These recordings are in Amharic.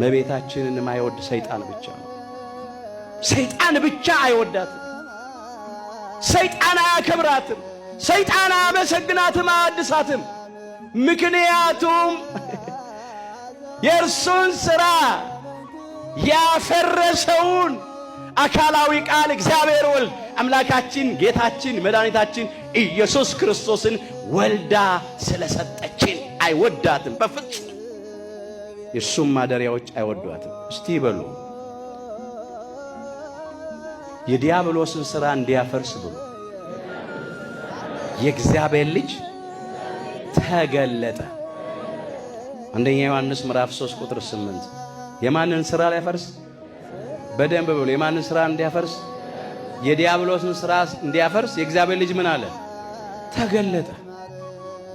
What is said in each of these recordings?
መቤታችንን የማይወድ ሰይጣን ብቻ ነው። ሰይጣን ብቻ አይወዳትም። ሰይጣን አያከብራትም። ሰይጣን አያመሰግናትም፣ አያድሳትም። ምክንያቱም የእርሱን ሥራ ያፈረሰውን አካላዊ ቃል እግዚአብሔር ወልድ አምላካችን ጌታችን መድኃኒታችን ኢየሱስ ክርስቶስን ወልዳ ስለሰጠችን አይወዳትም በፍጹም። የእሱም ማደሪያዎች አይወዷትም። እስቲ በሉ የዲያብሎስን ሥራ እንዲያፈርስ ብሎ የእግዚአብሔር ልጅ ተገለጠ። አንደኛ ዮሐንስ ምዕራፍ 3 ቁጥር 8 የማንን ሥራ ሊያፈርስ በደንብ ብሎ የማንን ሥራ እንዲያፈርስ? የዲያብሎስን ሥራ እንዲያፈርስ የእግዚአብሔር ልጅ ምን አለ? ተገለጠ።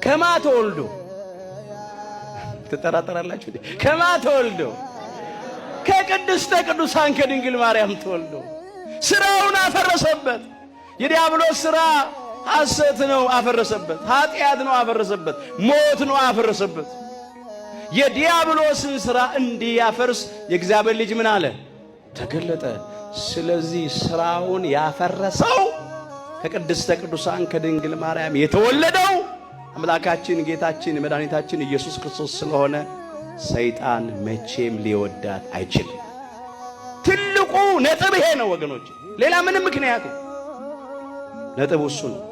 ከማ ተወልዶ ትጠራጠራላችሁ። ከማ ተወልዶ ከቅድስተ ቅዱሳን ከድንግል ማርያም ተወልዶ ስራውን አፈረሰበት። የዲያብሎስ ስራ ሐሰት ነው፣ አፈረሰበት። ኃጢአት ነው፣ አፈረሰበት። ሞት ነው፣ አፈረሰበት። የዲያብሎስን ስራ እንዲያፈርስ የእግዚአብሔር ልጅ ምን አለ? ተገለጠ። ስለዚህ ስራውን ያፈረሰው ከቅድስተ ቅዱሳን ከድንግል ማርያም የተወለደው አምላካችን ጌታችን መድኃኒታችን ኢየሱስ ክርስቶስ ስለሆነ ሰይጣን መቼም ሊወዳት አይችልም። ትልቁ ነጥብ ይሄ ነው ወገኖች፣ ሌላ ምንም ምክንያቱ ነጥብ እሱ ነው።